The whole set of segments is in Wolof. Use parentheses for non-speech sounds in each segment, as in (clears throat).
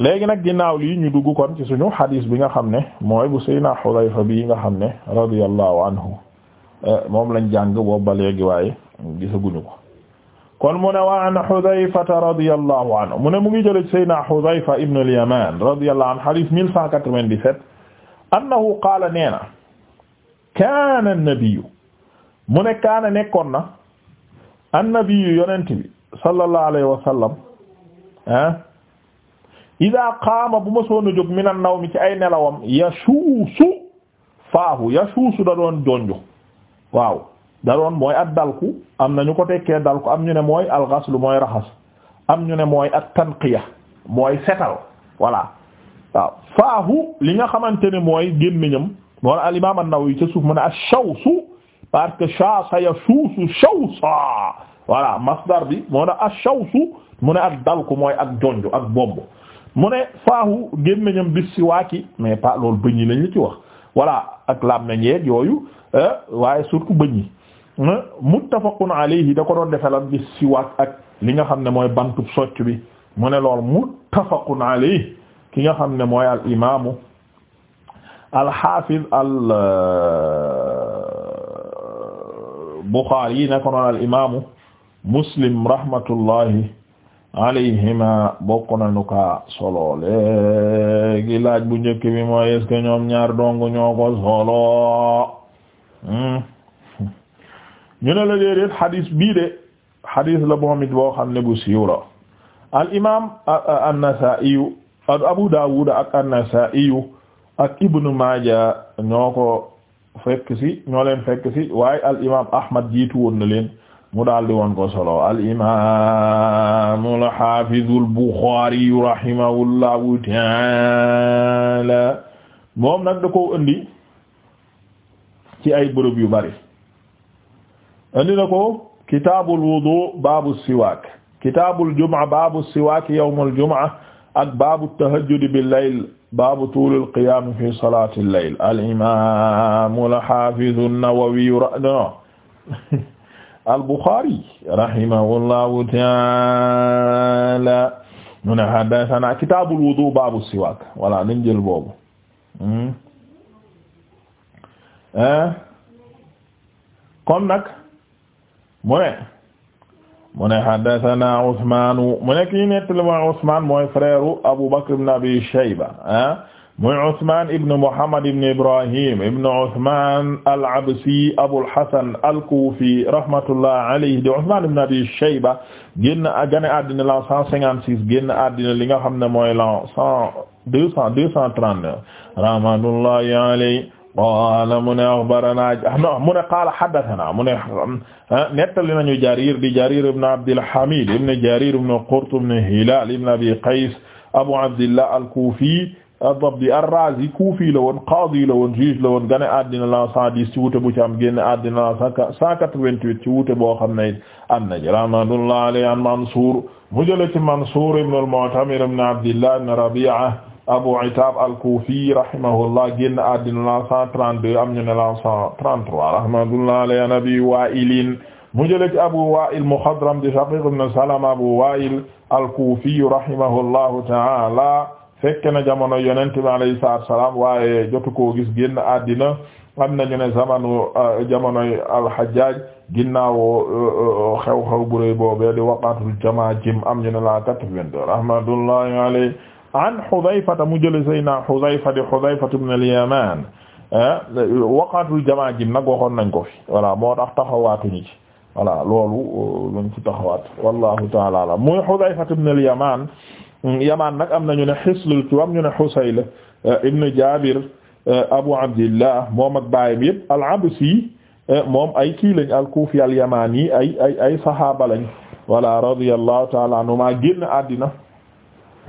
léegi nag ginnaaw lii ñu dugg kon ci suñu xadiis bi nga xam ne mooy bu Seydina Xudayfa bi nga xam ne radiyallahu anhu eh, moom lañ jàng wo ba léegi waaye gisaguñu ko kon mu ne wa an Xudayfata radiyallahu anhu mu ne mu ngi jële ci Seydina Xudayfa ibn al-Yaman radiyallahu anhu xadiis 1197 annahu qaala nee na kaana an-nabiyyu mu ne kaana nekkoon na an-nabiyyu yonent bi sallallahu alayhi wa sallam ah, ida qaama bu ma soon a jóg min an naw mi ci ay nelawam yasuusu faahu yasuusu da doon jonju waaw da doon mooy ak dalku am na ñu ko tekkee dalku am ñu ne mooy alxaslu mooy raxas am ñu ne mooy ak tanqiya mooy setal voilà waaw faahu li nga xamante ne mooy gémmiñam moo al imam an-Nawawi ca suuf mu ne ash-shawsu parce que shaasa yasuusu shawsa voilà masdar bi moo ne ash-shawsu mu ne ak dalku mooy ak jonju ak bomb mu ne faahu gémmiñam bis si waaki mais pas loolu bëñ yi lañ la ci wax voilà ak laam nañ yeeg yooyu euh, waaye surtout bëñ yi euh, muttafaqun alayhi da ko doon defalam bis si waak ak li nga xam ne mooy bantub socc bi mu ne loolu muttafaqun alayhi ki nga xam ne mooy al imaamu al hafiz euh, al Bukhari yi na ko noon al imaamu Muslim rahmatullahi alayhima bokk nañu ka solo léegi laaj bu njëkk mi mooy est-ce que ñoom ñaar dong ñoo ko solo hmm? ñu ne la déedéet hadis bii de hadis la moom boo xam ne bu siiw la al imaam Abu Daawud ak an-Nasaa'i ak Ibnu Maaja ñoo ko fekk ñoo leen fekk waaye al imaam Ahmad jiitu woon na leen. mu daal di woon ko solo al imaam al haafiz al Buxaari rahimahullahu taala moom nag da ko indi ci ay bërëb yu bari indi na ko kitaabul wudu baabu siwaak kitaabul jumaa baabu siwaak yawmul jumaa ak baabu tahajjudi bil layl baabu tuulil qiyaam fi salaatil layl al imaam al haafiz an-Nawawi (laughs) al-Bukhari rahimahullahu ta'ala mu ne haddathana kitaabul wudu baabu siwaak voilà nañ jël boobu hmm? eh? kon nag mu ne mu ne haddathana Usmaan mu ne kii nettali mooy Usmaan mooy frère Abu Bakr ibn Abi Shayba eh? muy Ousmane ibn Muhammad ibn Ibrahim ibn Ousmane al-Absi Abul Hasan al-Kufi rahmatullah alayhi di Ousmane ibn Abi Shayba génn gane àddina la 156 génn àddina li nga xam ne mooy la 100 200 239 rahmatullahi alayhi qaala mu ne axbaranaa mu ne qaala haddasanaa mu ne nettali nañu Jarir di Jarir ibn Abdil Hamid ibn Jarir ibn Qurt ibn Hilal ibn Abi Qays Abu Abdillah al-Kufi ad-Dabbi ar-Razi kuufi la woon qaadi la woon juge la woon gane addina la cent dix ci wuute bu ci am génn addina la cent quatre-vingt-huit ci wuute boo xam ne am na rahmatullah alayhi an Mansuur mu jële ci Mansuur ibn al-Mu'tamir ibn Abdillah ibn Rabi'a Abu Itab al-Kufi rahimahullah génn addina la cent trente-deux am ñu ne la cent trente-trois rahmatullah alayhi an Abi Wa'il mu jële ci Abu Wa'il Mukhadram di Shaqiq ibn Salama Abu Wa'il al-Kufi rahimahullahu ta'ala fekke na jamono yonent bi alayhi salaatu salaam waaye jotu koo gis génn àddina am nañu ne zamanu euh, jamonoy al-Hajjaj ginnaaw euh, euh, xew-xew bu rëy boobee di waqatul jamaajim am ñu ne la quatre-vingt-deux rahmatullahi alayhi an Hudhayfata mu jële sayna Hudhayfa di Hudhayfa ibn al-Yaman eh, waqatul jamaajim nag waxoon nañ ko fi voilà moo tax taxawaatuñu ci voilà loolu luñ ci taxawaat wallahu ta'ala muy Hudhayfa ibn al-Yaman Mm, yamaan nag am nañu ne Hisl ci am ñu ne Husayl eh, ibn Jabir eh, Abu Abdillah moom ak baayam yëpp al-Absi eh, moom ay kii lañ al-Kufi al-Yamani ay ay ay saxaaba lañ voilà radiyallahu ta'ala anhuma génn àddina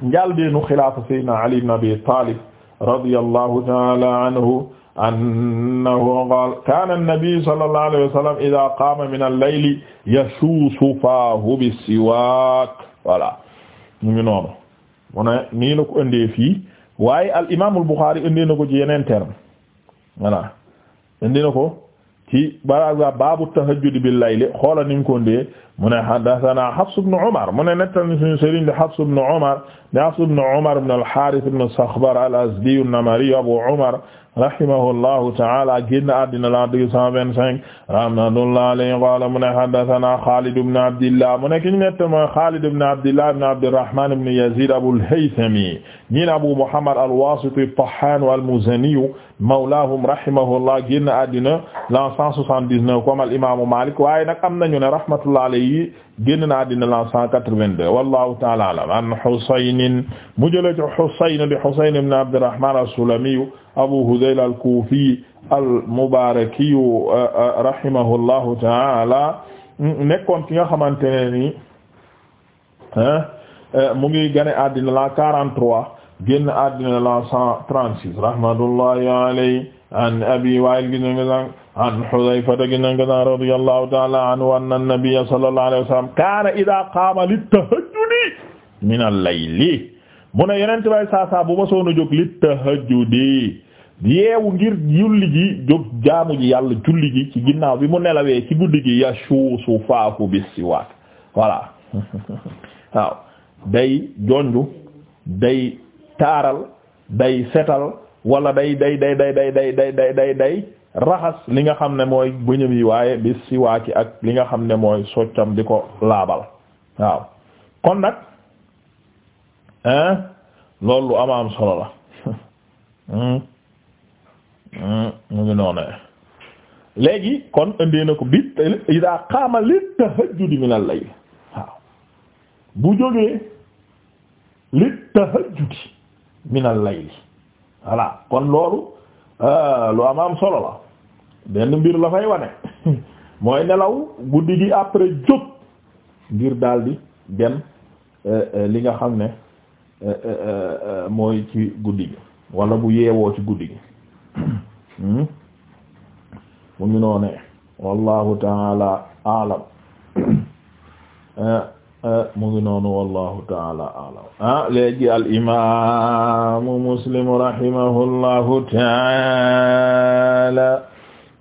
njàldeenu xilaafa Sayyidina Ali ibn Abi Talib radiyallahu ta'ala anhu annahu qaala kaana an-nabiyyu sallallahu alayhi wa sallam idha qaama min al-layli yasuusu faahu bi-siwaak voilà ñu ngi noonu mu ne la ko indee fii waaye al imaamul Buxaari indee na ko ci yeneen terme voilà indi na ko ci baraga baabu tahajjud bil layli xoola ni mu ko indee mu ne haddathana Hafs ibn Umar mu ne nettal ni suñu sëriñ di Hafs ibn Umar di Hafs ibn Umar ibn al-Harith ibn Sakhbar al-Azdi an-Namari Abu Umar rahimahullahu ta'ala génn àddina la 225 rahmatullahi alayhi qala mu ne haddathana Khalid ibn Abdillah mu ne ki ñu nett mooy Khalid ibn Abdillah ibn Abdirrahman ibn Yazid Abu al-Haythami ñi Abu Muhammad al-Wasiti at-Tahan wal-Muzani mawlahum rahimahullah génn àddina la 179 comme al-Imam Malik waaye nag am nañu ne rahmatullahi alayhi yi génn na àddina la 182 wallahu ta'ala a'lam an Husayn mu jëlee ci Husayn di Husayn ibn Abdurrahman as-Sulami Abu Hudayl al-Kufi al-Mubaraki euh, euh, rahimahullahu ta'ala nekkoon ki nga xamante ne ni euh, mu ngi gane àddina la 43 génn àddina la 136 rahmatullahi alayhi an Abi Wa'il an Hudhayfata ginanganaa radiyallahu ta'ala anhu anna an-nabiyya sallallahu alayhi wa sallam bu ma soona jóg lit-tahajjudi yeewu ngir julli ji jóg jaamu ji yàlla julli ci ginnaaw bi mu nelawee ci guddi gi yashuusu faahu bis-siwaak voilà day jonju day taaral day setal wala day day day day day day day day day raxas li nga xam ne mooy bëñëm yi waaye bi siwaaki ak li nga xam ne mooy soccam di ko laabal waaw kon nag loolu lu ama am solo la hmm. Hmm, mu ngi noonu léegi kon indee na ko bit ida qaama li tahajjudi min al-layl waaw bu jógee li tahajjudi min al-layl voilà kon loolu Ah, lu am am solo la benn mbir la fay wane (laughs) mooy nelaw guddi gi après jóg ngir daldi dem eh, eh, li nga xam ne eh, mooy ci guddi gi wala bu yeewoo ci guddi gi (clears throat) hmm? mu ngi noonee wallahu taala alam (clears throat) Eh, mu ngi noonu wallahu taala alam ah léegi al imaamu muslim rahimahullahu taala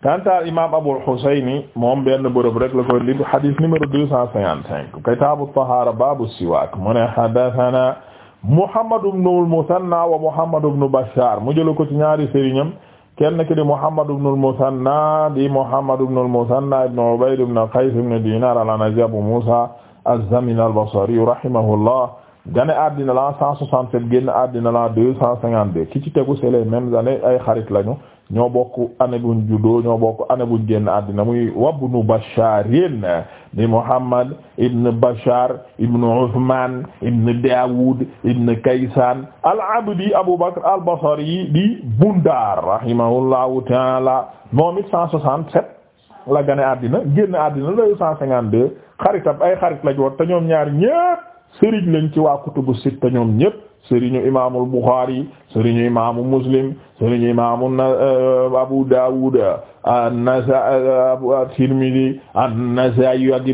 kanta imam abul husayni moom benn bërëb rek la koy lib hadis numéro deux cent cinquante cinq kitaabu tahaara baabu siwaak mu ne hadathana muhammad ibnu al-musanna wa muhammad ibnu bashar mu jël ko ci ñaari sëriñam kenn ki di Muhammad ibn al-Musanna di Muhammad ibn al-Musanna ibn Ubayd ibn Qays ibn Dinar al-Anazi Abu Musa az-Zamin al-Basri rahimahullah gane addina la 167 génn addina la 252 ki ci tegu c'est les mêmes ay xarit lañu ñoo bokk année buñ juddoo ñoo bokk année buñ génn addina muy wabnu Basharin di Muhammad ibn Bashar ibn Uthman ibn Dawud ibn Kaysan al-Abdi Abu al-Basri di Bundar rahimahullahu ta'ala moom la gane addina génn addina la 252 xaritam ay xarit lañ woon te ñoom ñaar ñépp sëriñ lañ ci waa kutubu sitta ñoom ñépp sëriñu imaamu Bukhari sëriñu imaamu Muslim sëriñu imaamu euh, Abu Dawud an-Nasaa'i Tirmidhi an-Nasaa'i ak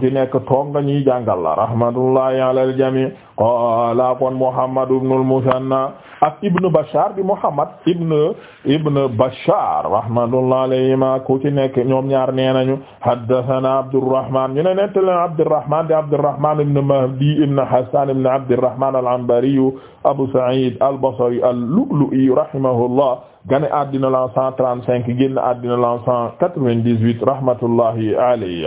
ci nekk tonga ñi jàngal la rahmatullahi ala al-jamii qaala kon Muhammad ibnu al-Musanna ak Ibnu bi Muhammad ibnu Ibnu Bashar rahmatullahi alayhima ku ci ñoom ñaar nee nañu haddathana Abdurrahman ñu ne nettali Abdurrahman di Abdurrahman ibnu Mahdi ibnu Hasan ibnu Abdurrahman al-Anbari al-Basriyu Abu Sa'id al-Basri al-Lu'lu'i rahimahullah gane addina la 135 génn addina la 198 rahmatullahi alayhi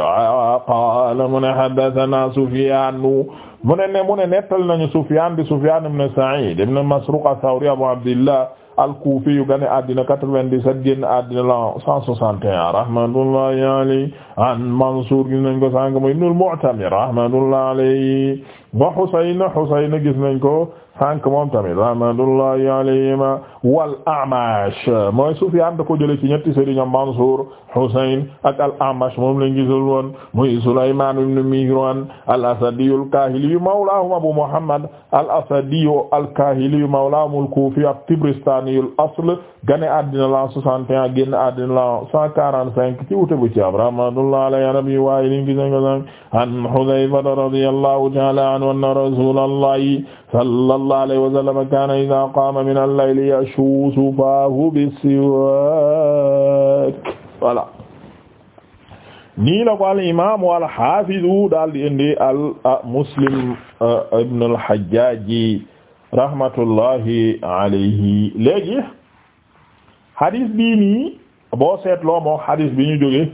qaala mu ne haddathana Sufyan mu ne ne mu ne nettal nañu Sufyan di Sufyan ibn Sa'id ibn Masruq ath-Thawri Abu Abdillah al-Kufi yu gane addina 97 génn addina la 161 rahmatullahi alayhi an Mansur gis nañ ko sànq muy Ibnul Mu'tamir rahmatullahi alayhi wa Husayn Husayn gis nañ ko sànq moom tamit rahmatullahi alayhima wal A'mash mooy Sufyaan da ko jëlee ci ñetti sëriñ Mansuur Husayn ak al A'mash moom lañ gisul woon muy Sulaymaan ibn Mihraan al Asadi al Kaahili mawlaahum Abu Muhammad al Asadi al Kaahili mawlaahum al Kuufi at-Tibristaani al asl gane àddina la 61 génn àddina la 145 ci wute bu ci am rahmatullahi alayhi nabi waaye liñ gis nga an Hudayfa radiyallahu ta'ala anhu anna rasuulallahi sallallahu alayhi wa sallam a idaa qaama min al-layli yashushu faahu bis-siwaak voilà nii la ko al imaam wal haafidu daal di indi al Muslim ibn al-Hajjaaj rahmatullahi alayhi léegi hadis bii nii boo seetloo moom hadis bi ñu jóge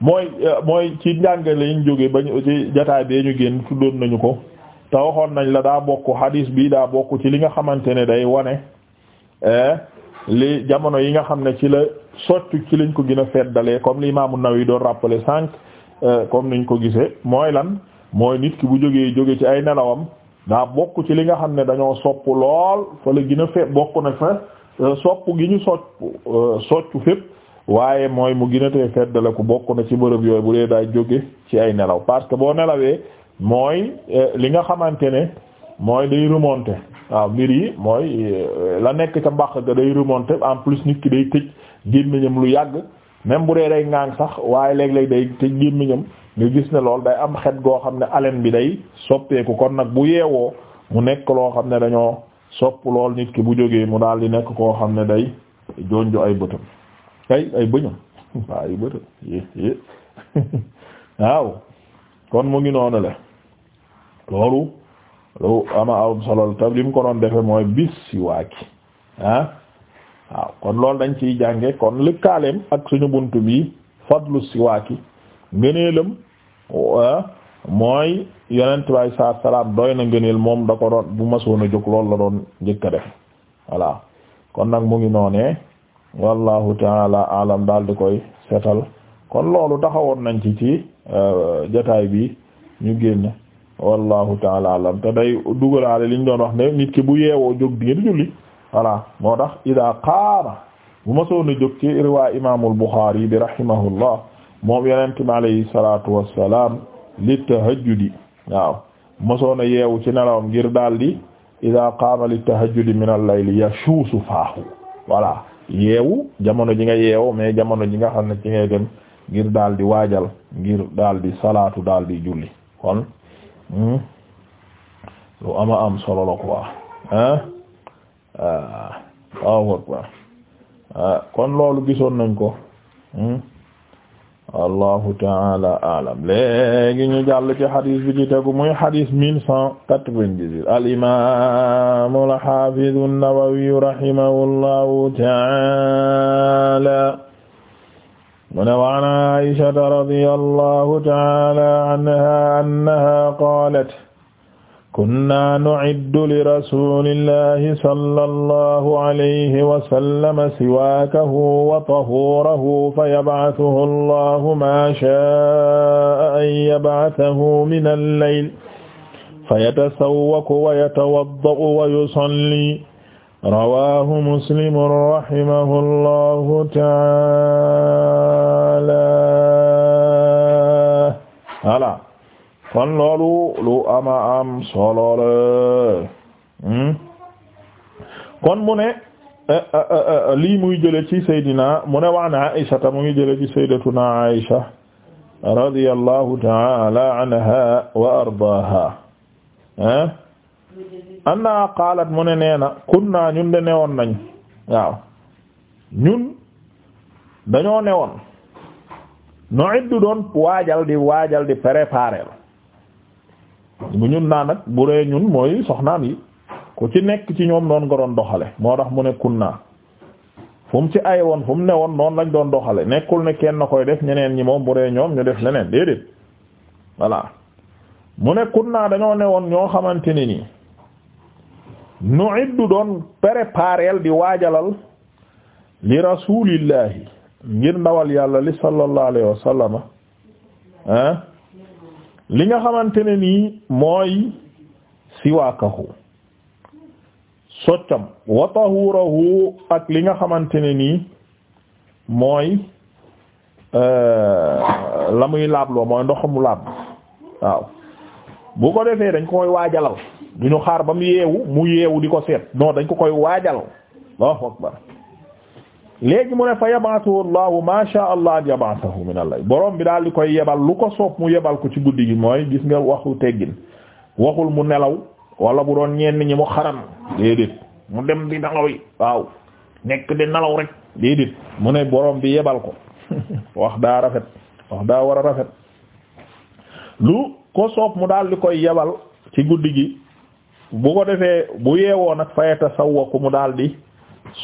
mooy ci njàngale ñu jóge ba ñu ci jotaay bee ñu génn tuddoon nañu ko. te waxoon nañ la daa bokk hadis bii daa bokk ci li nga xamante ne day wane eh, li jamono yi nga xam ne ci la soccu ci lañ ko gën a feddalee comme li naw yi doon rappelé sànq eh, comme niñ ko gisee mooy lan mooy bu jógee jóge ci ay nelawam daa bokk ci li nga xam ne dañoo sopp lool fa la gën a fe bokk na fa eh, sopp gi ñu socc soccu fépp waaye mooy mu gën a tee feddale ku bokk na ci bërëb yooyu bu dee daay jóge ci ay nelaw parce que boo nelawee mooy euh, li nga xamante ne mooy day remonter waaw mbir yi mooy euh, la nekk ca mbaq ga day remonter en plus nit ki day tëj gémmiñam lu yàgg même bu dee day ŋaang sax waaye léeg-léeg day tëj gémmiñam nga gis ne lool day am xet goo xam ne haleine bi day soppeeku kon nag bu yeewoo mu nekk loo xam ne dañoo sopp lool nit ki bu jógee mu daal di nekk koo xam ne day jonjo ay bëtam ay ay bëñam waaw (laughs) ay bëtam (laughs) waaw kon mu ngi noonu le loolu lu ama am solo tab mu ko doon defee mooy bis si waaki ah. waaw kon loolu dañ ciy jànge kon lëkkaaleem ak suñu bunt bi fadlu siwaaki ngëneelam ah, mooy yonent baay saa salaam doy na ngëneel moom da ko doon bu masoon a jóg loolu la doon njëkk a def voilà kon nag mu ngi noonee wallahu taala alam daal di koy seetal kon loolu taxawoon nañ ci ci euh, jotaay bi ñu génn wallahu taala alam te day dugalaale liñ doon wax ne nit ki bu yeewoo jóg di ngeen julli voilà moo tax ida qaama bu ma soon a jóg ci riwaay imaamul Buxaari bi rahimahullah moom yonent mi alayhi salatu wassalam li tahajjudi waaw ma soon a yeewu ci nelawam ngir daal di ida qaama li tahajjudi min al-layli yashuusu faahu voilà yeewu jamono ji nga yeewu mai jamono ji nga xam ne ci ngay dem ngir daal di waajal ngir daal di salaatu daal di julli lu hmm? ama am solo la quoi hein ah. ah, kon loolu gisoon nañ ko hmm? allahu taala alam léegi ñu jàll ci xadis bi ci tegu muy xadis cent quatre-vingt-dix-huit al imam al hafiz an-Nawawi taala mu ne wa an aishata radia allahu taala anha annaha qaalat kunna nu'iddu li rasulillahi sallallahu alayhi wa sallama siwaakahu wa tahuurahu fa yab'athuhu allahu maa shaa'a an yab'athahu min al-layl fa yatasawwaku wa yatawadda'u wa yusalli rawaahu muslim rahimahullahu taala voilà kon loolu lu ama am solo la hmm? kon mu ne eh, eh, eh, lii muy jële ci saydina mu ne wa an Aisha ta mu ngi jële ci saydatuna Aisha radiyallahu taala anha wa ardaaha anna qaalat mu ne nee na kunna ñun de newoon nañ waaw ñun dañoo newoon nu'iddu doon waajal di waajal di préparer bu ñun naa nag bu dee ñun mooy soxnaan yi ku ci nekk ci ñoom noon nga doon doxale moo tax mu ne kunna fu ci ay woon fu mu ne woon lañ doon doxale nekkul ne kenn na koy def ñeneen ñi moom bu dee ñoom ñu def leneen déedéet voilà mu ne kunna dañoo newoon ñoo xamante ni nii nu'iddu doon préparer di waajalal li rasulillahi ngir ndawal yàlla li sallallahu alayhi wa sallam li nga xamante ne nii mooy siwaakahu soccam wa tahurahu ak li nga xamante ne nii mooy euh, la muy laab loo mooy ndoxamu laab waaw boo ko defee dañ ko koy waajalal du ñu xaar ba mu yeewu mu yeewu di ko seet non dañ ko koy waajalal Allahu akbar léegi mu ne fa yabaatuhu Allahu ma sha Allah an yabaatahu min Allah borom bi daal di koy yebal lu ko soob mu yebal ko ci guddi gi mooy gis nga waxu teggin waxul mu nelaw wala bu doon ñenn ñi mu xaram déedéet mu dem di nelaw yi waaw nekk di nelaw rek déedéet mu ne boroom bi yebal ko (laughs) wax daa rafet wax daa war a rafet. lu ko soob mu daal di koy yebal ci guddi gi bu ko defee bu yeewoo nag fayata sawwaku mu daal di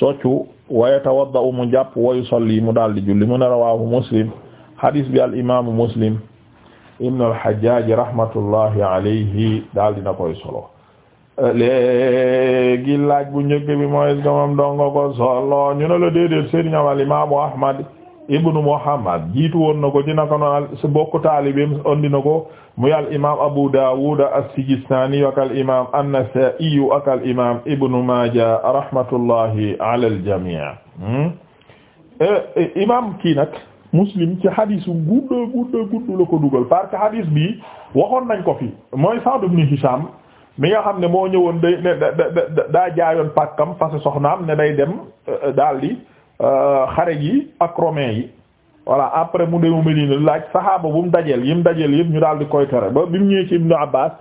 soccu wayatawadda u mu jàpp wayu solli mu daal di julli mu ne rawahu muslim hadis bi al imaamu muslim ibn al rahmatullahi alayhi daal dina koy solo léegi laaj bu njëkk bi mooy gamam dongo ko solo ñu ne la déedéet seen ñawal imaamu ahmad ibnu Muhammad jiitu woon na ko ci naka noonu si bokk taalibeem andi na ko muy al imaam Abu Dawud as-Sijistani ak al imaam an-Nasa'i ak al imaam ibnu Maaja rahmatullahi ala al-jamii. Hmm? Eh, eh, imaam kii nag Muslim ci hadis gudda gudda gudda la ko dugal parce que bi waxoon nañ ko fi mooy Sa'd ibn Hisham mi nga xam ne moo ñëwoon day daa jaayoon pàkkam fas soxnaam ne day dem eh, daal di. Euh, xare gi ak romain yi voilà après mu demu Medina laaj saxaaba bu mu dajeel yi mu dajeel yëpp ñu daal di koy tere ba bi mu ñëwee ci Ibnu Abbaas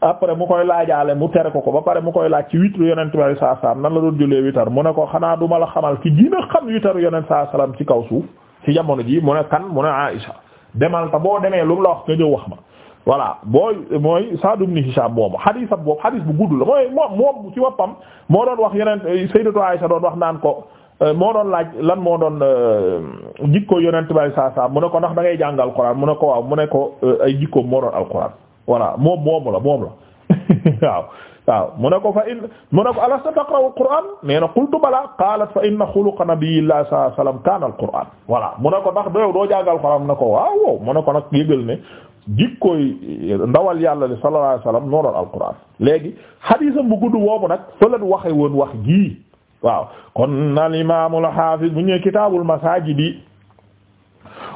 après mu koy laajaale mu tere ko ko ba pare mu koy laaj ci witru yonent bi sallallahu alayhi wasallam nan la doon jullee witar mu ne ko xanaa du la xamal ci gën xam witaru yonent sallallahu alayhi wasallam ci kaw suuf ci jamono ji mu ne kan mu ne Aïcha demal ta boo demee lu mu la wax nga ñëw wax ma voilà booy mooy Sa'd ibn Hisham boobu xadiis ab boobu xadiis bu gudd la mooy moom ci woppam moo doon wax yeneen Sayyidatu Aïcha doon wax naan ko Euh, moo doon laaj lan moo doon euh, jikko yonent bay saa saa mu ne ko ndax da ngay jàng alquran mu ne ko waaw mu ne ko euh, ay jikkoom moo doon alquran voilà moom moomu la moom la (laughs) waaw waaw mu ne ko fa in mu ne ko alasta na qultu bala qalat fa inna xuluqa nabiyillah sallallahu alayhi wasallam mu ne ko ndax doyow doo jàng alquran mu ne ko waaw wow mu ne ko nag yëgal ne jikkooy eh, ndawal yàlla li sallallahu alayhi wasallam moo doon alquran léegi xadiisam bu gudd boobu nag fa waxe woon wax gi waaw kon al imaam al haafiz bu ñëwee kitaabul masaajidi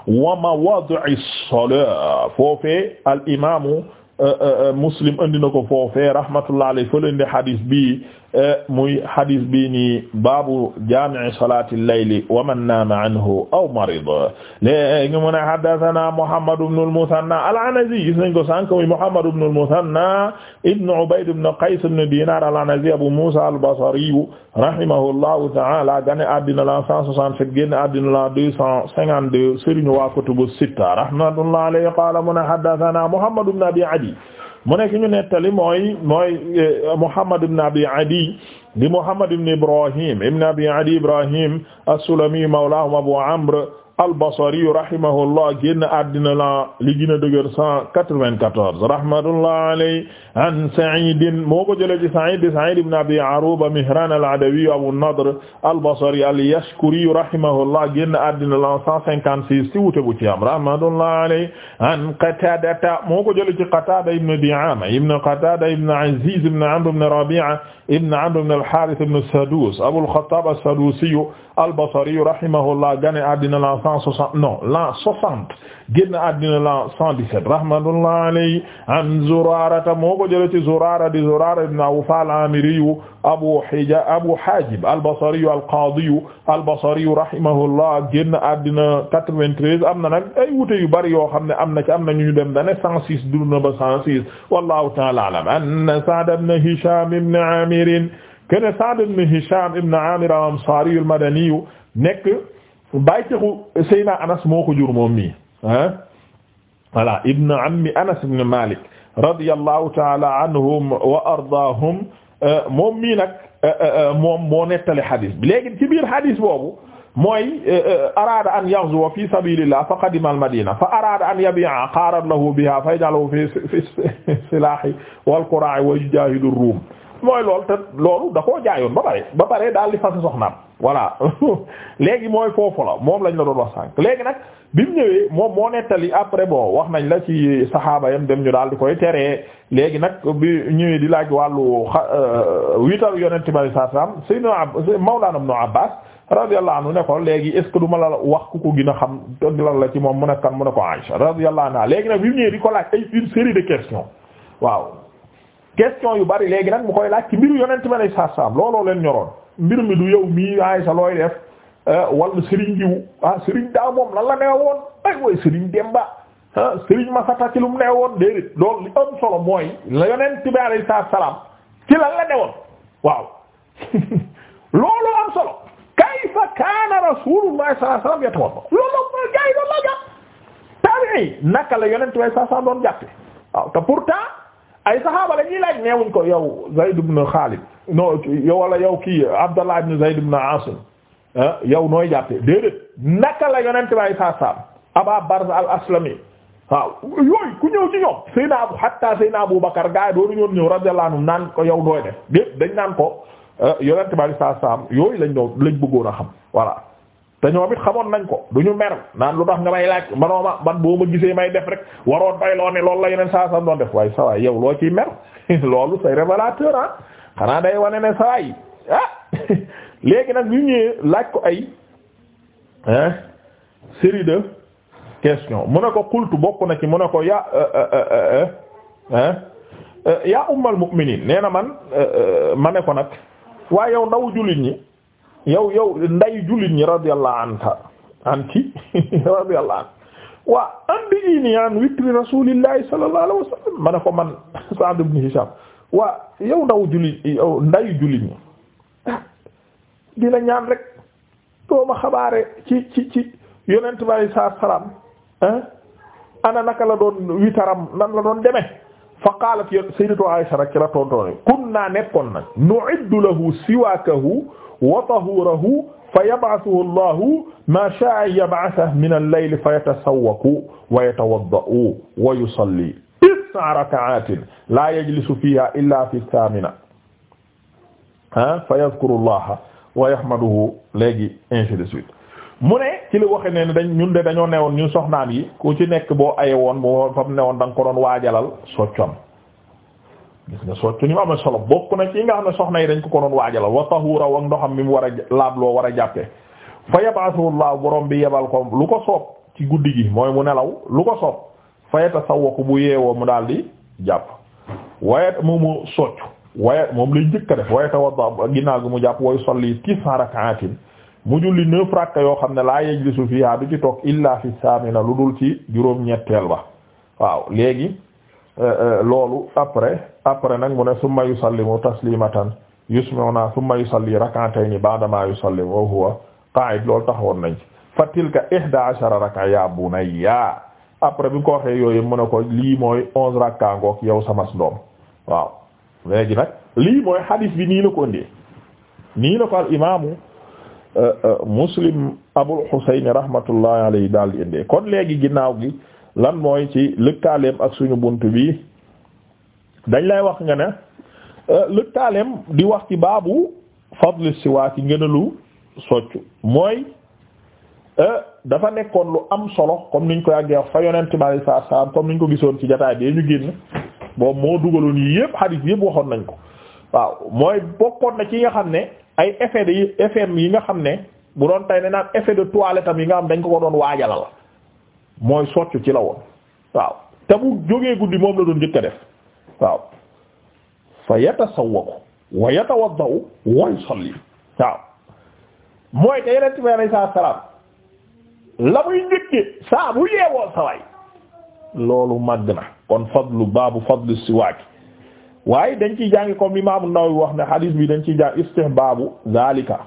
wa mawaadi'i salaa foofee al imaamu uh, uh, uh, muslim andi na ko foofee rahmatullahi alayhi fële ndi hadis bi muy hadis bii nii baabu jaami'i salaati al-layli wa man naama anhu aw marid léegi mu ne haddathana Muhammad ibn al-Muthanna al-Anazi gis nañ ko sànq muy Muhammad ibn al-Muthanna ibn Ubayd ibn Qays ibn Dinar al-Anazi Abu Musa al-Basri rahimahullahu ta'ala gane addina la 167 génn addina la 252 sëriñ waa kutubu sitta rahmatullahi alayhi qala mu ne haddathana Muhammad ibn Abi Adi mu nekk ñu nettali mooy mooy eh, Muhammad ibn Abi Adi di Muhammad ibn Ibrahim ibn Abi Adi Ibrahim as-Sulami mawlaahum Abu Amr al-Basri rahimahullah génn àddina la li gën a dëgër cent quatre-vingt-quatorze rahmatullah alayhi an Sa'id moo ko jëlee ci Sa'id Sa'id ibn Abi Aruba Mihran al-Adawi Abu Nadr al-Basri al-Yashkuri rahimahullah génn àddina la 156 ci wuute bu ci am rahmatullahi alayhi an Qatada moo ko jëlee ci Qatada ibn Di'ama ibn Qatada ibn Aziz ibn Amr ibn Rabi'a ibn Amr ibn al-Harith ibn Sadus Abu al-Khattab as-Sadusi al-Basri rahimahullah génn àddina la 160 non la 60 génn àddina la 117 rahmatullah alayhi an Zurarata moo ko jëlee ci Zurara di Zurara ibn Awfa al-Amiri Abu Hija Abu Hajib al-Basri al-Qadi al-Basri rahimahullah génn àddina 93 am na nag ay wute yu bari yoo xam ne am na ci am na ñu dem dane 106 dund na ba 106 wallahu ta'ala a'lam an Sa'd ibn Hisham ibn Amir kene Sa'd ibn Hisham ibn Amir al-Ansari al-Madani nekk bàyyi taxu Seyna Anas moo ko jur moom mi voilà ibn ammi anas ibn malik radiyallahu taala anhum wa ardaahum euh, moom mii nag euh, euh, moom moo nettali xadis bi léegi ci biir xadis boobu mooy araada an yaghzuwa fi sabilillah fa qadima al madina fa araada an yabi'a qarat lahu biha fa yaj'alahu fi silahi wal qura'i wa yujahidu ar-rum mooy loolu te loolu da koo jaayoon ba pare ba pare daal di fas soxnaam voilà (laughs) léegi mooy foofu la moom lañu la doon wax sànq léegi nag bi mu ñëwee moom moo nettali après bon wax nañ la ci saxaaba yam dem ñu daal di koy teree léegi nag bi ñëwee di laaj wàllu xa euh, wiital yonent bi sallallahu alayhi wasallam sayyidina ab mawlana ibn Abbas radiyallahu anhu ne ko léegi est ce que du ma la wax ku ko gën a xam dëgg la la ci moom mu ne kan mu ne ko Aïcha radiyallahu anha léegi nag bi mu ñëwee di ko laaj ay une série de questions waaw question yu bari léegi nag mu koy laaj ci mbiru yonent bi leen ñoroon. mbir mi du yow mii ay sa looy def eh, wala Serigne Diou ah Serigne daa moom lan la nee woon ay way Serigne Demba ah Serigne Masata ci lu mu nee woon déedéet loolu li am solo mooy la yonent bi alayhi salaam ci lan la nee woon waaw (laughs) loolu am solo kayfa kaana rasuulullahi sallallahu alayhi wasallam yatawadda loolu mooy gars yi loolu la jàpp tabi'i naka la yonent bi alayhi salaam waaw te pourtant ay saxaaba la ñuy laaj neewuñ ko yow Zayd ibn Khalid non yow wala yow kii Abdallah ibn Zayd ibn Asim ah, yow nooy jàppee déedéet naka la yonent baay saa saam Aba Barz al Aslami waaw yooyu ku ñëw ci ñoom Seyna Abu Bakar gaa yi doonu ñoon ñëw radiyallahu anhu naan ko yow nooy def déet dañ naan ko ah, yonent baay saa saam yooyu lañ doon lañ bëggoon a xam voilà te ñoom it xamoon nañ ko du ñu mer naan lu tax nga may laaj manoo ma man boo ma gisee may def rek waroon bay loo ne loolu la yeneen saa saa doon def waaye saa waay loo (laughs) xanaa day wane ne saa yi ah (laughs) léegi nag ñu ñëwee laaj ko ay ah série de questions mu ne ko xultu bokk na ci mu ne ko ya ah yaa ummal mu'minin nee na man eh, eh, ma ne ko nag waaye yow ndaw juli ñi yow yow nday jullit ñi radiyallahu anha anti (laughs) radiyallahu anha waa am bi nii nii an witri rasulillahi sallallahu alaihi ma ne ko man (laughs) Sa'd Hisham waa yow ndaw jullit yow ndayu jullit ñi dina ñaan rek doo ma xabaare ci ci ci yonent bi alay salaam ana naka la doon witaram nan la doon deme fa qaalat sayyidatu Aisha rek ci la tontoone kunna nekkoon nag nu'iddu lahu siwaakahu wa tahuurahu fa yab'athuhu Allahu maa shaa'a yab'athahu min al-layli fa yatasawwaku wa yatawadda'u wa yusalli tis'a rak'atin la yajlisu fiha illa fi samina ah fa yadhkuru allaha wa yahmaduhu léegi ainsi de suite mu ne ci la waxe ne dañ ñun de dañoo newoon ñun soxnaan yi ku ci nekk boo aye woon boo fam newoon da nga ko doon waajalal soccom gis nga soccu ni mu amee solo bokk na ki nga xam ne soxna yi dañ ko ko doon waajalal wa tahura ak ndoxam mi mu war a laabloo war a jàppe fa yab'athu allah borom bi yebal ko lu ko soob ci guddi gi mooy mu nelaw lu ko soob fayata ko bu yeewoo mu daal di jàpp wayet moom mu socc wayet moom lay njëkk def wayeta wadda ginnaaw gi mu jàpp way solli tis'a rak'atin mu julli neuf rakka yoo xam ne laa yajlisu fiha du ci toog illa fi na lu dul ci juróom ñetteel ba waaw léegi euh, euh, loolu après après nag mu ne summa yusallimu taslimatan yusmi'una summa yusalli rak'atayn ba'da ma yusallimu wa huwa qa'id loolu taxawoon nañ fa tilka ihda ashara rak'a ya après bi ko waxee yooyu mu ne ko lii mooy onze rakka ngoog yow sama doom waaw léegi nag lii mooy hadith bi nii la ko ëndee nii la ko al imaamu euh, euh, muslim abul husayn rahmatullahi alayhi daal di indee kon léegi ginnaaw gi lan mooy ci lëkkaaleem ak suñu bunt bi dañ lay wax nga ne euh, lëkkaaleem di wax ci baabu fadl siwaak yi ngënalu soccu mooy dafa nekkoon lu am solo comme niñ ko yàggee wax fa yonent bi alayhi salaatu salaam comme niñ ko gisoon ci jotaay bi ñu génn boobu moo dugaloon yii yëpp hadith yëpp waxoon nañ ko waaw mooy bokkoon na ci nga xam ne ay effet de effet yi nga xam ne bu doon tey ne naan effet de toilette tam yi nga xam dañ ko ko doon waajalal mooy soccu ci la woon waaw te bu jógee guddi moom la doon njëkk def waaw fa yatasawwaku wa yatawaddau wa yusalli waaw mooy te yonent bi alayhi la muy njëkke saa yeewoo saway loolu màgg na kon fadlu baabu fadlu siwaak waaye dañ ciy jàngi comme imaamu Nawawi wax ne hadith bi dañ ciy jàng istihbaabu zalika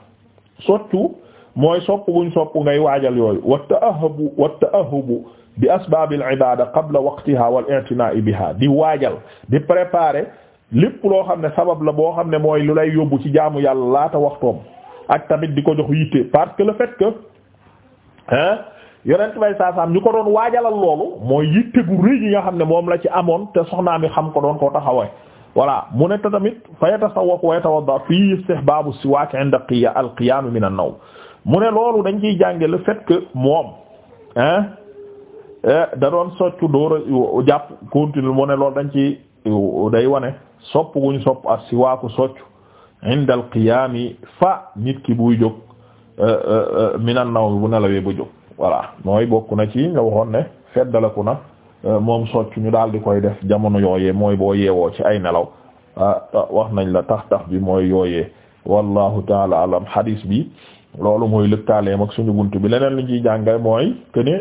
sottu mooy sopp buñ sopp ngay waajal yooyu wa taahabu wa taahabu bi asbaabil ibaada qabla waqtiha wal i'tinaa'i biha di waajal di préparer lépp loo xam ne sabab la boo xam ne mooy lu lay yóbbu ci jaamu yàlla laata waxtoom ak di ko jox yitte parce que le fait que ah yonent bay saasaam ñu ko doon waajalal loolu mooy yitte gu rëy gi nga xam ne moom la ci amoon te soxnaa mi xam ko doon koo taxawee voilà mu ne te tamit fa yatasawwaq wa yatawadda fii istihbaabu siwaak inda qiya al-qiyaam min an-nawm mu ne loolu dañ ciy jànge le fait que moom ah da doon soccu dóor a jàpp continue mu ne lool dañ ci day wane sopp guñ sopp as siwaaku soccu inda fa nit ki buy jóg Euh, euh, euh, minan naw bu nelawee bu jóg voilà mooy bokk na ci nga waxoon feddalaku na moom socc ñu daal di koy def jamono yooyee mooy boo yeewoo ci ay nelaw ah, ah, wax nañ la tax tax bi mooy yooyee wallahu taala alam hadis bi loolu mooy lëkkaaleem ak suñu bunt bi leneen lu ciy jànga mooy que ne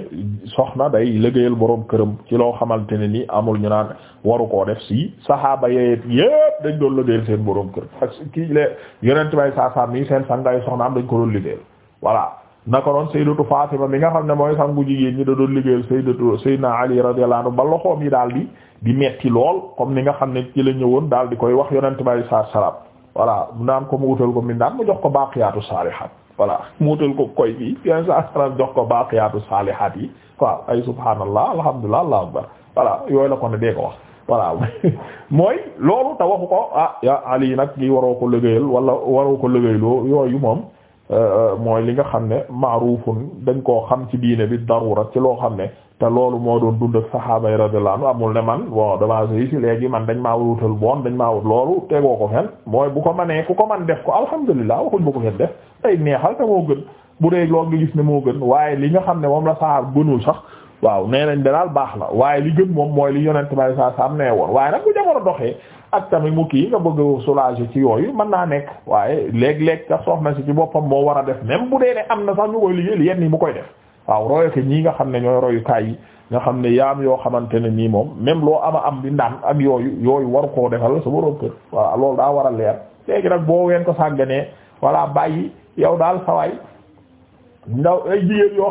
soxna day liggéeyal boroom këram ci loo xamante ne ni amul ñu naan waru koo def si saxaaba yeeyet yépp dañ doon liggéeyal seen boroom kër parce que kii lee yonent bay saasaam nii seen sangaay soxna am dañ ko doon liggéeyal voilà naka noon sayyidatu Fatima mi nga xam ne mooy sangu jigéen ñi da doon liggéeyal sayyidatu sayyidina Ali radiyallahu anhu ba loxoom yi daal di di metti lool comme ni nga xam ne ci la ñëwoon daal di koy wax yonent bay saar salaam voilà naan ko mu wutal ko mi naan mu jox ko baaqiyaatu saalihaat voilà muutal ko koy fii yeneen saa salaam jox ko baaqiyaatu saalihaat yi waaw ay subhaanallah alhamdulillah allahu akbar voilà yooyu la ko ne dee ko wax voilà (laughs) mooy loolu te waxu ko ah ya ali nag gi waroo ko liggéeyal wala waroo ko liggéeyloo yooyu moom euh, mooy li nga xam ne maarufun dañ koo xam ci diine bi darura ci loo xam ne te loolu moo doon dund ak saxaaba yi radiyallahu anhu amul ne man bon damaa sëy léegi man dañ maa wutal bon dañ maa wut loolu tegoo ko fen mooy bu ko manee ku ko man def ko alhamdulilah waxuñ ba ko ngeen def day neexal te moo gën bu dee loolu nga gis ne moo gën waaye li nga xam ne moom la saxaaba gënul sax waaw nee nañ daal baax na waaye li gën moom mooy li yonent bari saa saam nee woon waaye nag bu jamono doxee ak tamit mu kii nga bëgg a soulager ci yooyu mën naa nekk waaye léeg-léeg sax soxna si ci boppam moo war a def même bu dee am na sax ñu koy yi mu koy def waaw royo ko ñii nga xam ne ñooy royukaay yi nga xam ne yaam yoo xamante ne nii moom même loo ama am di ndaan ak yooyu yooyu waru koo defal sa borom kër waaw loolu daa war a leer léegi nag boo ween ko sàgganee voilà bàyyi yow daal sawaay ndaw ay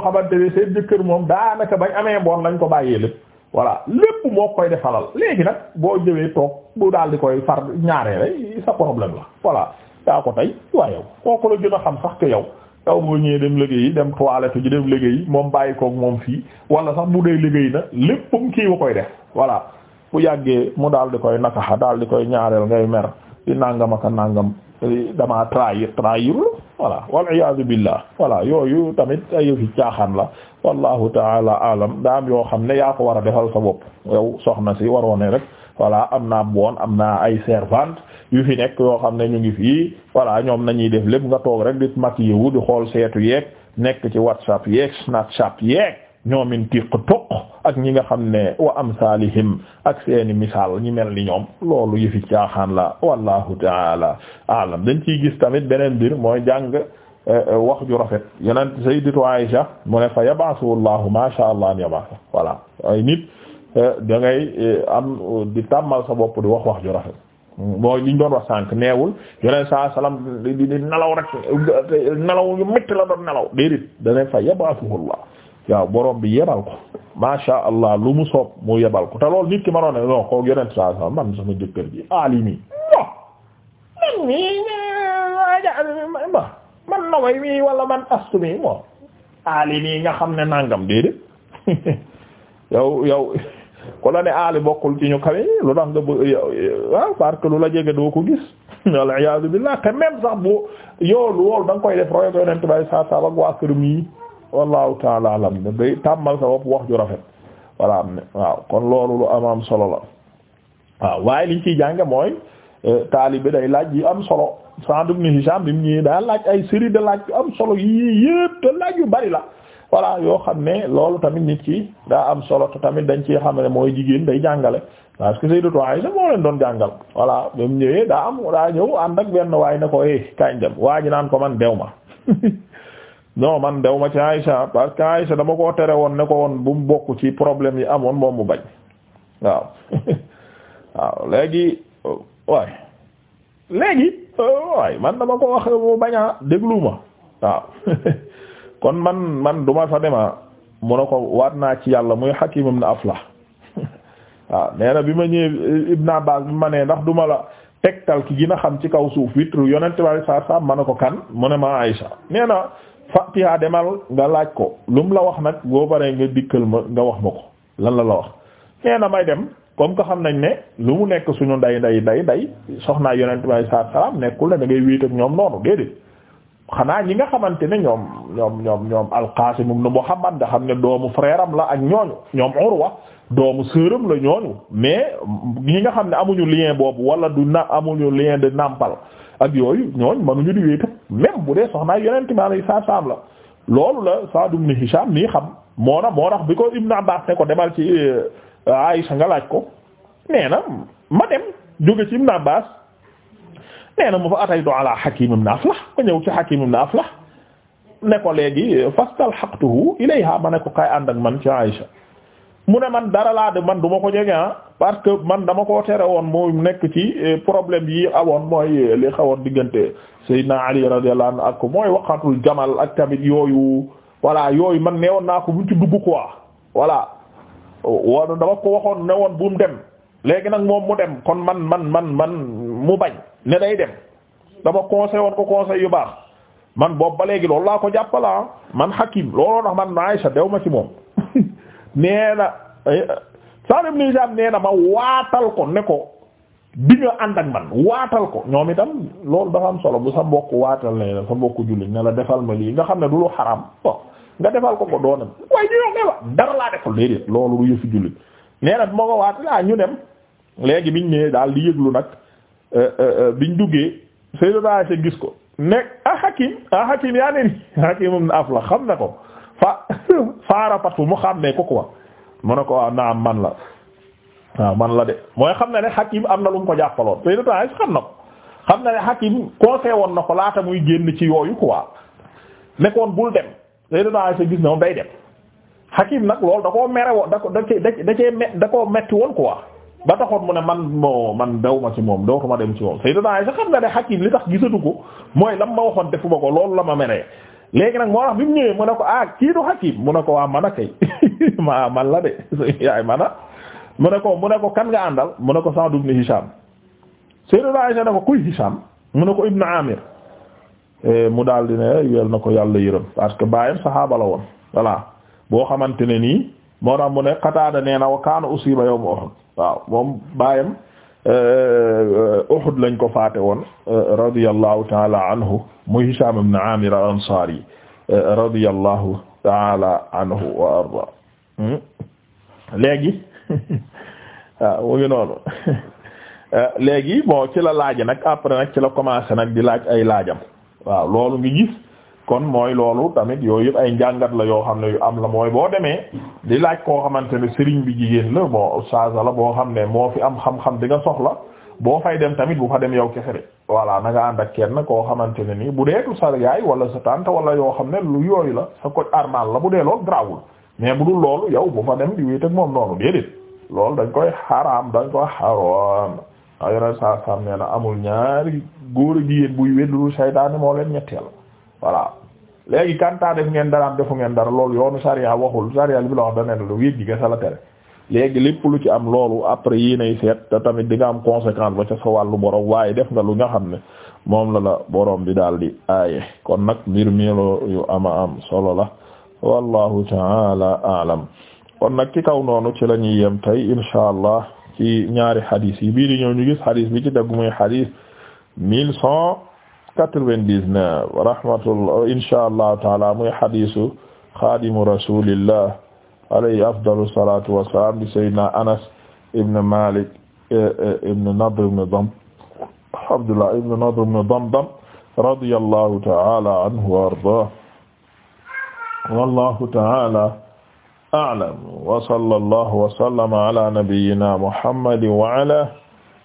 xamante ne seen moom daanaka bañ amee bon lañ ko bàyyee lépp voilà lépp koy defalal léegi nag boo jëwee toog bu daal di koy far ñaaree sa problème la voilà daa ko tey waaye yow kooku la gën a xam sax que yow taw boo ñëwee dem liggéey yi dem toilette ji dem liggéey yi moom bàyyi kook moom fii wala sax bu dee liggéey na lépp kii wa koy def voilà bu yàggee mu daal di koy nakaxa daal di koy ñaareel ngay mer di nàngam aka nàngam damaa trahir trahir la voilà waliyasu billah yooyu tamit ay yëfi caaxaan la wallahu taala alam am yoo xam ne yaa ko war a defal sa bopp yow soxna si waroone rek voilà am naa bon am naa ay servante yu fi nekk yoo xam ne ñu ngi fii voilà ñoom nañuy def lépp nga toog rek di maquiller wu di xool seetu yeeg nekk ci whatsapp yeeg snapchat yeeg ñoomin tiktok ak ñi nga xam ne wa amsalihim ak seeni misaal ñi mel ni ñoom loolu fi caaxaan la wallahu taala alam dañ ci gis tamit beneen biir mooy jàng euh, wax ju rafet yonent sayyidatu Aisha mu ne fa yab'athu Allahu ma sha Allah an yab'atha voilà ay nit euh, da euh, am di tàmmal sa bopp di wax wax ju rafet mooy liñ doon wax sànq neewul yeneen saa salaam di di nelaw rek nelaw yu métti la doon nelaw déedéet dana fa yabaatuhu Allah borom bi yebal ko masha Allah lu mu soob mu yebal ko te loolu nit ki ma doon ne non kooku yeneen saa salaam man sama jëkkër ji alimi. Ah man mii mii wala man astu moom alimi ah nga xam ne nangam déedéet (laughs) yow yow. ko la ne aali bokkul ci ñu kawe lu tax nga bëgg waaw parce que lu la jege doo ko gis (laughs) walla iyaazu billaah te même sax boo yoolu woolu da koy def royo ko yonent bay sa sa ak waa këram yi wallahu taala alam day tàmmal sa bopp wax ju rafet voilà am ne waaw kon loolu lu am am solo la waaw waaye liñ ciy jànge mooy euh, taalibe day laaj yu am solo Sa'd ibn Hisham bi mu ñëwee daa laaj ay série de laaj yu am solo yii yépp te laaj yu bari la voilà yoo xam ne loolu tamit nit ki daa am solo te tamit dañ ci xam ne mooy jigéen day jàngale parce que Sayyidatu Aisha moo leen doon jàngal voilà ba mu ñëwee daa am daa ñëw ànd ak benn waay ne ko eh waa ji naan ko man dew ma (laughs) man dew ma ci Aisha parce que Aisha dama koo tere woon ne ko woon bu mu bokk ci problème yi amoon moom mu bañ waaw (laughs) waaw léegi waay léegi waay man dama ko wax mu bañaa déglu ma waaw (laughs) kon man man duma fa dema mu ne ko waat naa ci yàlla muy Hakim ibn Aflah (laughs) waaw nee na bi ma ñëwee Ibn Abbas bi ma nee ndax duma la tegtal ki gina xam ci kaw suuf witru yonent bi saa saa ma ne ko kan mu ne ma Aïcha nee na fatiha demal nga laaj ko lu mu la wax nag boo baree nga dikkal ma nga wax ma ko lan la la wax nee na may dem comme que xam nañ ne lu mu nekk suñu nday nday nday nday soxnaa yonent bi saa salaam nekkul ne da ngay wéet ak ñoom noonu déedéet xanaa ñi nga xamante ne ñoom ñoom ñoom ñoom al-Qasim ibn Muhammad nga xam ne doomu frère am la ak ñooñu ñoom Urwa doomu sœuram la ñooñu mais ñi nga xam ne amuñu lien boobu wala du na amuñu lien de nampal ak yooyu ñooñ mënuñu di wéetu même bu dee soxnaa yeneen timaana yi saa saam la loolu la Sa'd ibn Hisham nii xam moo na moo tax bi ko Ibn Abbas ne ko demal ci euh, Aïcha nga laaj ko nee ma dem jóge ci Ibn Abbas nee na mu fa ataytu ala Hakim ibn Aflah ma ñëw ci Hakim ibn Aflah ne ko léegi fastalhaqtuhu ilayha ma ne ko kay ànd ak man ci Aïcha mu ne man dara laa de man du ma ko jege ah parce que man dama koo tere woon moo nekk ci eh, problème yi awoon mooy eh, li xawoon diggante Seydina Ali radiyallahu anhu ak mooy waqatul jamal ak tamit yooyu voilà yooyu man ne woon naa ko bu ci dugg quoi voilà woon dama ko waxoon ne woon bu mu dem léegi nag moom mu dem kon man man man man mu bañ ne day dem dama conseil woon ko conseil yu baax man boob ba léegi loolu laa ko jàppalaa man hakim looloo tax man Aisha dew ma ci moom (laughs) nee na eh, Sa'd ibn Hisham nee na ma waatal ko ne ko bi nga ànd ak man waatal ko ñoom itam loolu dafa am solo bu sa mbokku waatal ne la sa mbokk jullit ne la defal ma lii nga xam ne du lu xaram bon oh, nga defal ko ko doonam waaye ñu yow ne la dara laa defal déedéet loolu du jullit nee na bu ma ko waatal ah ñu dem léegi biñ nee daal di yëglu nag euh, euh, euh, biñ duggee Sayyidatu gis ko ne ah Hakim ah Hakim yaa ne ni (laughs) Hakim ibn Aflah xam na ko fa (laughs) faarafatu mu xam ne ko quoi mu ne ko na ah, naam man la waaw man la de mooy xam na ne Hakim am na lu mu ko jàppaloon Sayyidatu Aisha xam na ko xam na ne Hakim conseillé woon na ko laata muy génn ci yooyu quoi nekkoon bul dem Sayyidatu gis na moom day dem Hakim nag loolu da koo mere woon da ko da cee da cee da koo metti woon quoi. ba taxoon mu ne man moo man dew ma ci moom dootuma dem ci moom Sayyidatu Aysa xam na ne Hakim li tax gisatu ko mooy lam ma waxoon defuma ko loolu la ma meree léegi nag moo tax bi mu ñëwee mu ne ko ah kii du Hakim mu ne ko waa man a kay (laughs) ma man la de (laughs) yaay man a mu ne ko mu ne ko kan nga àndal mu ne ko Sa'd ibn Hisham Sayyidatu Aysa ne ko kuy Hisham mu ne ko Ibn Amir e mu daal di ne yel na ko yàlla yërëm parce que baayam saxaaba la woon voilà boo xamante ne nii moo tax mu ne nee na wa kaana usiba waaw moom baayam euh, Uhud lañ ko faate woon euh, radiyallahu taala anhu mu Hisham ibn Amir al-Ansari euh, radiyallahu taala anhu wa arda hmm? léegi (laughs) waaw mu ngi noonu (laughs) léegi bon ci la laaj nag après nag ci la commencé nag di laaj ay laajam waaw loolu ngi gis kon mooy loolu tamit yooyu yëpp ay njàngat la yoo xam ne yu am la mooy boo demee di laaj koo xamante ne sëriñ bi jigéen la bon saaga la boo xam ne moo fi am xam-xam bi nga soxla boo fay dem tamit bu fa dem yow kese voilà na nga ànd ak kenn koo xamante ne nii bu deetu sa wala sa tante wala yoo xam ne lu yooyu la sa ko armal la bu dee loolu grawul mais bu dul loolu yow bu fa dem di wéet ak moom noonu déedéet loolu dañ koy xaraam dañ koy xaroon ayra saa sam nee na amul ñaari góor a jigéen buy wéet lu saytaane moo leen ñetteel voilà léegi kantaa def ngeen daraam defu ngeen dara loolu yoonu sariya waxul sariya li bi la wax da ne lu wéet gi gasa la tere léegi lépp lu ci am loolu après yii nay seet te tamit di nga am conséquence ba ca sa wàllu borom waaye def nga lu nga xam ne moom la la borom bi daal di aaye kon nag mbir mielo yu ama am solo la wallahu taala alam kon nag ci kaw noonu ci la ñuy yem tey insha allah ci ñaari xadis yi bii di ñëw ñu gis xadis bi ci daggu muy xadis mille cent 99 rahmatullah insha allah taala muy hadisu khadimu rasulillah alayhi afdalu salatu wassalam bi sayyidina anas ibn malik eh, eh, ibn nadr ibn dam abdullah ibn nadr ibn damdam radiyallahu taala anhu wa ardah wallahu taala a'lam wa sallallahu wa sallama ala nabiyyina muhammad wa ala